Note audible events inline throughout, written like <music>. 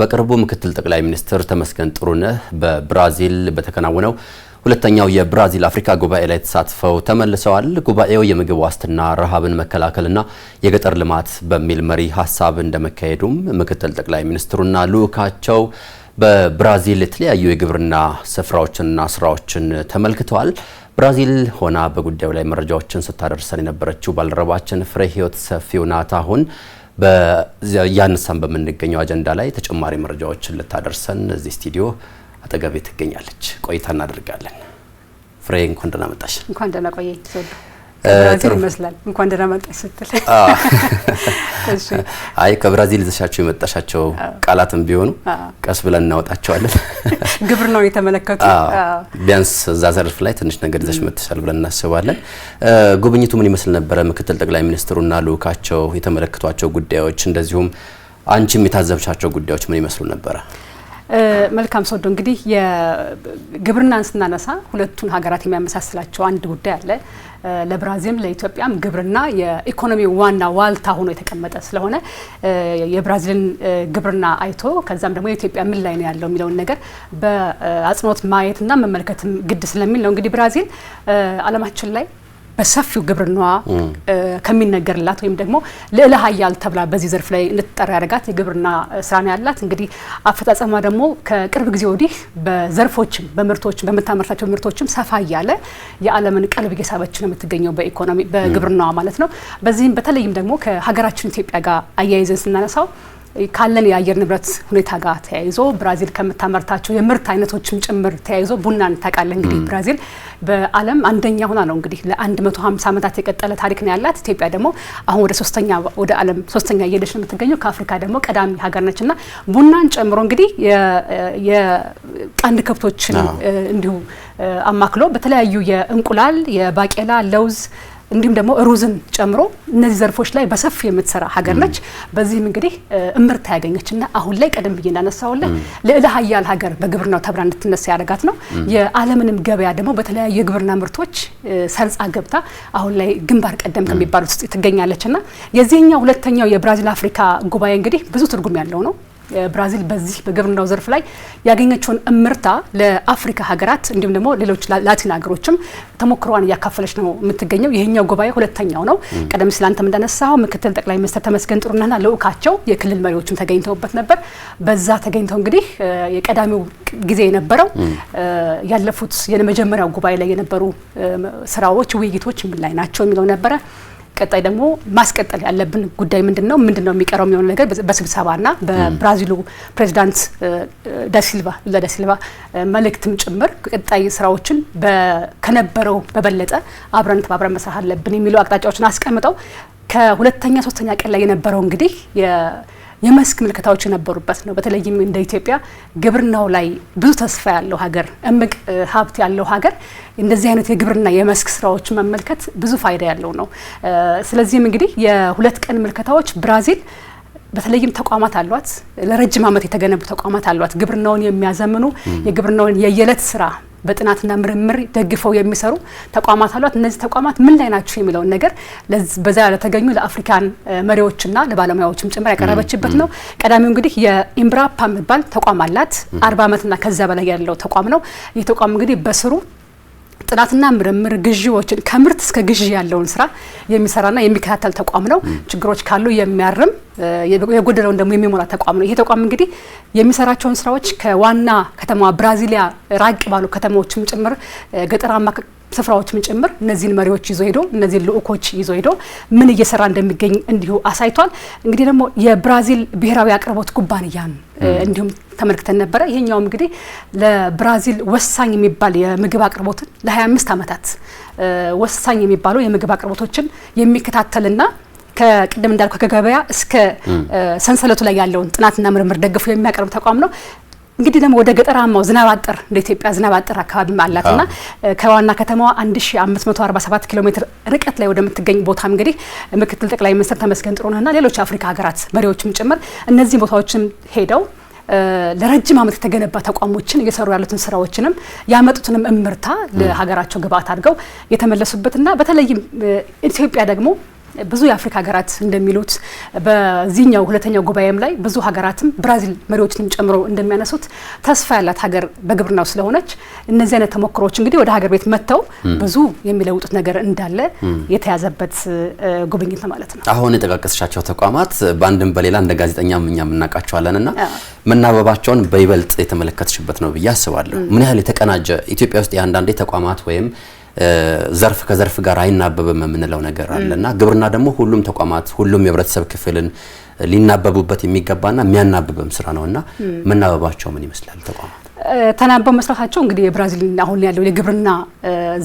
በቅርቡ ምክትል ጠቅላይ ሚኒስትር ተመስገን ጥሩነህ በብራዚል በተከናወነው ሁለተኛው የብራዚል አፍሪካ ጉባኤ ላይ ተሳትፈው ተመልሰዋል። ጉባኤው የምግብ ዋስትና፣ ረሃብን መከላከልና የገጠር ልማት በሚል መሪ ሀሳብ እንደመካሄዱም ምክትል ጠቅላይ ሚኒስትሩና ልዑካቸው በብራዚል የተለያዩ የግብርና ስፍራዎችንና ስራዎችን ተመልክተዋል። ብራዚል ሆና በጉዳዩ ላይ መረጃዎችን ስታደርሰን የነበረችው ባልደረባችን ፍሬ ህይወት ሰፊው ናት። አሁን እያነሳን በምንገኘው አጀንዳ ላይ ተጨማሪ መረጃዎችን ልታደርሰን እዚህ ስቱዲዮ አጠገቤ ትገኛለች። ቆይታ እናደርጋለን። ፍሬ እንኳን ደህና መጣሽ። እንኳን ደህና ቆየኝ። ጥሩ ይመስላል። እንኳን ደህና መጣሽ ስትል <laughs> አይ ከብራዚል ዘሻቸው የመጣሻቸው ቃላትም ቢሆኑ ቀስ ብለን እናወጣቸዋለን። <laughs> ግብር ነው የተመለከቱ ቢያንስ እዛ ዘርፍ ላይ ትንሽ ነገር ይዘሽ መጥተሻል ብለን እናስባለን። ጉብኝቱ ምን ይመስል ነበረ? ምክትል ጠቅላይ ሚኒስትሩና ልዑካቸው የተመለከቷቸው ጉዳዮች እንደዚሁም አንቺም የታዘብቻቸው ጉዳዮች ምን ይመስሉ ነበረ? መልካም ሰው እንግዲህ የግብርናን ስናነሳ ሁለቱን ሀገራት የሚያመሳስላቸው አንድ ጉዳይ አለ። ለብራዚልም ለኢትዮጵያም ግብርና የኢኮኖሚ ዋና ዋልታ ሆኖ የተቀመጠ ስለሆነ የብራዚልን ግብርና አይቶ ከዛም ደግሞ የኢትዮጵያ ምን ላይ ነው ያለው የሚለውን ነገር በአጽንኦት ማየትና መመልከትም ግድ ስለሚል ነው እንግዲህ ብራዚል አለማችን ላይ በሰፊው ግብርናዋ ከሚነገርላት ወይም ደግሞ ልዕለ ሀያል ተብላ በዚህ ዘርፍ ላይ እንድትጠራ ያደርጋት የግብርና ስራ ነው ያላት። እንግዲህ አፈጻጸሟ ደግሞ ከቅርብ ጊዜ ወዲህ በዘርፎችም በምርቶችም በምታመርታቸው ምርቶችም ሰፋ እያለ የዓለምን ቀልብ እየሳበች ነው የምትገኘው በኢኮኖሚ በግብርናዋ ማለት ነው። በዚህም በተለይም ደግሞ ከሀገራችን ኢትዮጵያ ጋር አያይዘን ስናነሳው ካለን የአየር ንብረት ሁኔታ ጋር ተያይዞ ብራዚል ከምታመርታቸው የምርት አይነቶችም ጭምር ተያይዞ ቡናን ታውቃለህ እንግዲህ ብራዚል በዓለም አንደኛ ሆና ነው እንግዲህ ለ150 ዓመታት የቀጠለ ታሪክ ነው ያላት። ኢትዮጵያ ደግሞ አሁን ወደ ሶስተኛ ወደ ዓለም ሶስተኛ እየሄደች ነው የምትገኘው። ከአፍሪካ ደግሞ ቀዳሚ ሀገር ነች እና ቡናን ጨምሮ እንግዲህ የቀንድ ከብቶችን እንዲሁ አማክሎ በተለያዩ የእንቁላል የባቄላ ለውዝ እንዲሁም ደግሞ ሩዝን ጨምሮ እነዚህ ዘርፎች ላይ በሰፊ የምትሰራ ሀገር ነች። በዚህም እንግዲህ እምርታ ያገኘች እና አሁን ላይ ቀደም ብዬ እንዳነሳውለ ልዕለ ሀያል ሀገር በግብርናው ተብራ እንድትነሳ ያደርጋት ነው። የዓለምንም ገበያ ደግሞ በተለያዩ የግብርና ምርቶች ሰርጻ ገብታ አሁን ላይ ግንባር ቀደም ከሚባሉት ውስጥ ትገኛለች እና የዚህኛው ሁለተኛው የብራዚል አፍሪካ ጉባኤ እንግዲህ ብዙ ትርጉም ያለው ነው። ብራዚል በዚህ በግብርናው ዘርፍ ላይ ያገኘችውን እምርታ ለአፍሪካ ሀገራት እንዲሁም ደግሞ ሌሎች ላቲን ሀገሮችም ተሞክሯን እያካፈለች ነው የምትገኘው። ይህኛው ጉባኤ ሁለተኛው ነው። ቀደም ሲል አንተም እንዳነሳው ምክትል ጠቅላይ ሚኒስትር ተመስገን ጥሩነህና ልዑካቸው የክልል መሪዎችም ተገኝተውበት ነበር። በዛ ተገኝተው እንግዲህ የቀዳሚው ጊዜ የነበረው ያለፉት የመጀመሪያው ጉባኤ ላይ የነበሩ ስራዎች፣ ውይይቶች ምን ላይ ናቸው የሚለው ነበረ። ቀጣይ ደግሞ ማስቀጠል ያለብን ጉዳይ ምንድን ነው ምንድን ነው የሚቀረው የሚሆነ ነገር በስብሰባና በብራዚሉ ፕሬዚዳንት ዳሲልቫ ሉላ ዳሲልቫ መልእክትም ጭምር ቀጣይ ስራዎችን ከነበረው በበለጠ አብረን ተባብረን መስራት አለብን የሚሉ አቅጣጫዎችን አስቀምጠው ከሁለተኛ ሶስተኛ ቀን ላይ የነበረው እንግዲህ የመስክ ምልከታዎች የነበሩበት ነው። በተለይም እንደ ኢትዮጵያ ግብርናው ላይ ብዙ ተስፋ ያለው ሀገር፣ እምቅ ሀብት ያለው ሀገር እንደዚህ አይነት የግብርና የመስክ ስራዎች መመልከት ብዙ ፋይዳ ያለው ነው። ስለዚህም እንግዲህ የሁለት ቀን ምልከታዎች ብራዚል በተለይም ተቋማት አሏት፣ ለረጅም ዓመት የተገነቡ ተቋማት አሏት፣ ግብርናውን የሚያዘምኑ የግብርናውን የየዕለት ስራ በጥናትና ምርምር ደግፈው የሚሰሩ ተቋማት አሏት። እነዚህ ተቋማት ምን ላይ ናቸው የሚለውን ነገር በዛ ለተገኙ ለአፍሪካን መሪዎችና ለባለሙያዎችም ጭምር ያቀረበችበት ነው። ቀዳሚው እንግዲህ የኢምብራፓ የሚባል ተቋም አላት። አርባ ዓመትና ከዛ በላይ ያለው ተቋም ነው። ይህ ተቋም እንግዲህ በስሩ ጥናትና ምርምር ግዢዎችን ከምርት እስከ ግዢ ያለውን ስራ የሚሰራና የሚከታተል ተቋም ነው። ችግሮች ካሉ የሚያርም የጎደለውን ደግሞ የሚሞላ ተቋም ነው። ይሄ ተቋም እንግዲህ የሚሰራቸውን ስራዎች ከዋና ከተማዋ ብራዚሊያ ራቅ ባሉ ከተማዎችም ጭምር ገጠራማ ስፍራዎችም ጭምር እነዚህን መሪዎች ይዞ ሄዶ እነዚህን ልዑኮች ይዞ ሄዶ ምን እየሰራ እንደሚገኝ እንዲሁ አሳይቷል። እንግዲህ ደግሞ የብራዚል ብሔራዊ አቅርቦት ኩባንያን እንዲሁም ተመልክተን ነበረ። ይሄኛውም እንግዲህ ለብራዚል ወሳኝ የሚባል የምግብ አቅርቦትን ለ25 ዓመታት ወሳኝ የሚባሉ የምግብ አቅርቦቶችን የሚከታተልና ከቅድም እንዳልኩ ከገበያ እስከ ሰንሰለቱ ላይ ያለውን ጥናትና ምርምር ደግፎ የሚያቀርብ ተቋም ነው። እንግዲህ ደግሞ ወደ ገጠራማው ዝናብ አጥር እንደ ኢትዮጵያ ዝናብ አካባቢ አካባቢም አላትና ከዋና ከተማዋ 1547 ኪሎ ሜትር ርቀት ላይ ወደምትገኝ ቦታም እንግዲህ ምክትል ጠቅላይ ሚኒስትር ተመስገን ጥሩነህና ሌሎች አፍሪካ ሀገራት መሪዎችም ጭምር እነዚህ ቦታዎችም ሄደው ለረጅም ዓመት የተገነባ ተቋሞችን እየሰሩ ያሉትን ስራዎችንም ያመጡትንም እምርታ ለሀገራቸው ግብአት አድርገው የተመለሱበትና በተለይም ኢትዮጵያ ደግሞ ብዙ የአፍሪካ ሀገራት እንደሚሉት በዚህኛው ሁለተኛው ጉባኤም ላይ ብዙ ሀገራትም ብራዚል መሪዎችንም ጨምሮ እንደሚያነሱት ተስፋ ያላት ሀገር በግብርናው ስለሆነች እነዚህ አይነት ተሞክሮዎች እንግዲህ ወደ ሀገር ቤት መጥተው ብዙ የሚለውጡት ነገር እንዳለ የተያዘበት ጉብኝት ነው ማለት ነው። አሁን የጠቃቀስሻቸው ተቋማት በአንድም በሌላ እንደ ጋዜጠኛ እኛም የምናውቃቸዋለን እና መናበባቸውን በይበልጥ የተመለከትሽበት ነው ብዬ አስባለሁ። ምን ያህል የተቀናጀ ኢትዮጵያ ውስጥ የአንዳንዴ ተቋማት ወይም ዘርፍ ከዘርፍ ጋር አይናበብም የምንለው ነገር አለና ግብርና ደግሞ ሁሉም ተቋማት ሁሉም የህብረተሰብ ክፍልን ሊናበቡበት የሚገባና የሚያናብብም ስራ ነው እና መናበባቸው ምን ይመስላል? ተቋማት ተናበው መስራታቸው እንግዲህ የብራዚል አሁን ያለው የግብርና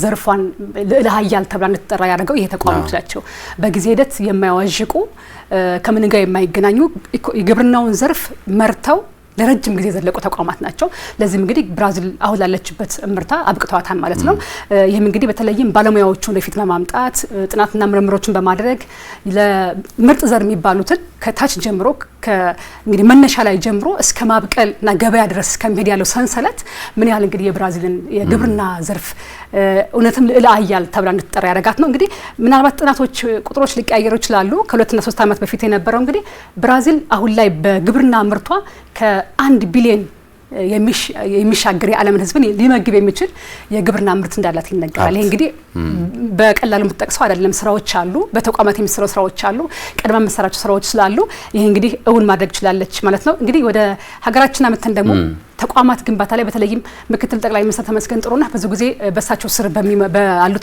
ዘርፏን ልዕለ ኃያል ተብላ እንድትጠራ ያደርገው ይሄ ተቋሞች ናቸው። በጊዜ ሂደት የማያዋዥቁ ከምን ጋር የማይገናኙ የግብርናውን ዘርፍ መርተው ለረጅም ጊዜ የዘለቁ ተቋማት ናቸው። ለዚህም እንግዲህ ብራዚል አሁን ላለችበት እምርታ አብቅተዋታል ማለት ነው። ይህም እንግዲህ በተለይም ባለሙያዎቹ ወደፊት በማምጣት ጥናትና ምርምሮችን በማድረግ ለምርጥ ዘር የሚባሉትን ከታች ጀምሮ እንግዲህ መነሻ ላይ ጀምሮ እስከ ማብቀል እና ገበያ ድረስ እስከሚሄድ ያለው ሰንሰለት ምን ያህል እንግዲህ የብራዚልን የግብርና ዘርፍ እውነትም ልዕለ ኃያል ተብላ እንድትጠራ ያደረጋት ነው። እንግዲህ ምናልባት ጥናቶች ቁጥሮች ሊቀያየሩ ይችላሉ። ከሁለትና ሶስት ዓመት በፊት የነበረው እንግዲህ ብራዚል አሁን ላይ በግብርና ምርቷ ከአንድ ቢሊዮን የሚሻገር የዓለምን ህዝብን ሊመግብ የሚችል የግብርና ምርት እንዳላት ይነገራል። ይህ እንግዲህ በቀላሉ የምትጠቅሰው አይደለም። ስራዎች አሉ፣ በተቋማት የሚሰሩ ስራዎች አሉ፣ ቀድመ የምሰራቸው ስራዎች ስላሉ ይህ እንግዲህ እውን ማድረግ ችላለች ማለት ነው። እንግዲህ ወደ ሀገራችን አመተን ደግሞ ተቋማት ግንባታ ላይ በተለይም ምክትል ጠቅላይ ሚኒስትር ተመስገን ጥሩነህ ብዙ ጊዜ በሳቸው ስር ባሉ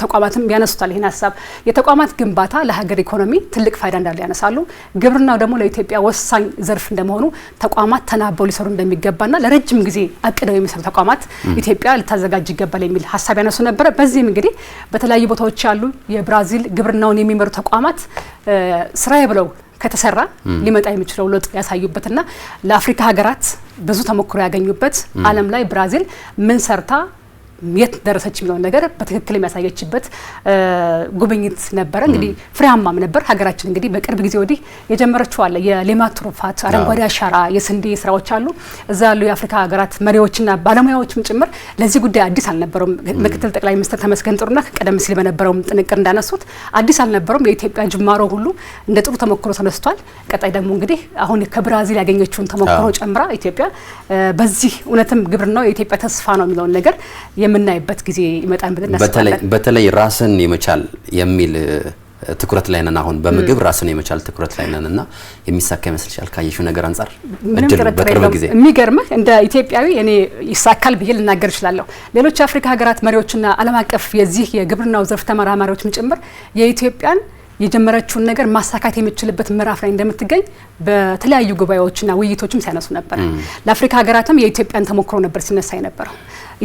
ተቋማትም ያነሱታል ይህን ሀሳብ። የተቋማት ግንባታ ለሀገር ኢኮኖሚ ትልቅ ፋይዳ እንዳለ ያነሳሉ። ግብርናው ደግሞ ለኢትዮጵያ ወሳኝ ዘርፍ እንደመሆኑ ተቋማት ተናበው ሊሰሩ እንደሚገባና ለረጅም ጊዜ አቅደው የሚሰሩ ተቋማት ኢትዮጵያ ልታዘጋጅ ይገባል የሚል ሀሳብ ያነሱ ነበረ። በዚህም እንግዲህ በተለያዩ ቦታዎች ያሉ የብራዚል ግብርናውን የሚመሩ ተቋማት ስራዬ ብለው ከተሰራ ሊመጣ የሚችለው ለውጥ ያሳዩበትና ለአፍሪካ ሀገራት ብዙ ተሞክሮ ያገኙበት ዓለም ላይ ብራዚል ምን ሰርታ የት ደረሰች የሚለውን ነገር በትክክል የሚያሳየችበት ጉብኝት ነበረ። እንግዲህ ፍሬያማም ነበር። ሀገራችን እንግዲህ በቅርብ ጊዜ ወዲህ የጀመረችው አለ የሌማት ትሩፋት፣ አረንጓዴ አሻራ፣ የስንዴ ስራዎች አሉ። እዛ ያሉ የአፍሪካ ሀገራት መሪዎችና ባለሙያዎችም ጭምር ለዚህ ጉዳይ አዲስ አልነበረውም። ምክትል ጠቅላይ ሚኒስትር ተመስገን ጥሩነህ ቀደም ሲል በነበረውም ጥንቅር እንዳነሱት አዲስ አልነበረውም። የኢትዮጵያ ጅማሮ ሁሉ እንደ ጥሩ ተሞክሮ ተነስቷል። ቀጣይ ደግሞ እንግዲህ አሁን ከብራዚል ያገኘችውን ተሞክሮ ጨምራ ኢትዮጵያ በዚህ እውነትም ግብርናው የኢትዮጵያ ተስፋ ነው የሚለውን ነገር የምናይበት ጊዜ ይመጣል ብለን እናስባለን። በተለይ ራስን የመቻል የሚል ትኩረት ላይ ነን። አሁን በምግብ ራስን የመቻል ትኩረት ላይ ነን እና የሚሳካ ይመስልሻል? ካየሽው ነገር አንጻር ምንም ጥርጥር የለውም። የሚገርምህ እንደ ኢትዮጵያዊ እኔ ይሳካል ብዬ ልናገር እችላለሁ። ሌሎች የአፍሪካ ሀገራት መሪዎችና ዓለም አቀፍ የዚህ የግብርናው ዘርፍ ተመራማሪዎችም ጭምር የኢትዮጵያን የጀመረችውን ነገር ማሳካት የምችልበት ምዕራፍ ላይ እንደምትገኝ በተለያዩ ጉባኤዎችና ውይይቶችም ሲያነሱ ነበር። ለአፍሪካ ሀገራትም የኢትዮጵያን ተሞክሮ ነበር ሲነሳ የነበረው።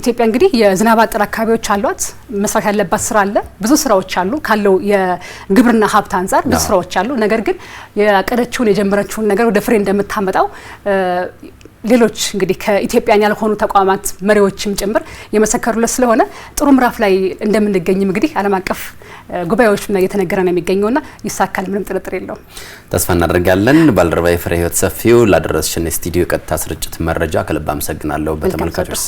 ኢትዮጵያ እንግዲህ የዝናብ አጠር አካባቢዎች አሏት። መስራት ያለባት ስራ አለ። ብዙ ስራዎች አሉ። ካለው የግብርና ሀብት አንጻር ብዙ ስራዎች አሉ። ነገር ግን ያቀደችውን የጀመረችውን ነገር ወደ ፍሬ እንደምታመጣው ሌሎች እንግዲህ ከኢትዮጵያን ያልሆኑ ተቋማት መሪዎችም ጭምር የመሰከሩለት ስለሆነ ጥሩ ምዕራፍ ላይ እንደምንገኝም እንግዲህ ዓለም አቀፍ ጉባኤዎች እየተነገረ ነው የሚገኘውና ይሳካል፣ ምንም ጥርጥር የለውም። ተስፋ እናደርጋለን። ባልደረባ የፍሬ ህይወት ሰፊው ላደረስሽን የስቱዲዮ ቀጥታ ስርጭት መረጃ ከልብ አመሰግናለሁ። በተመልካቾች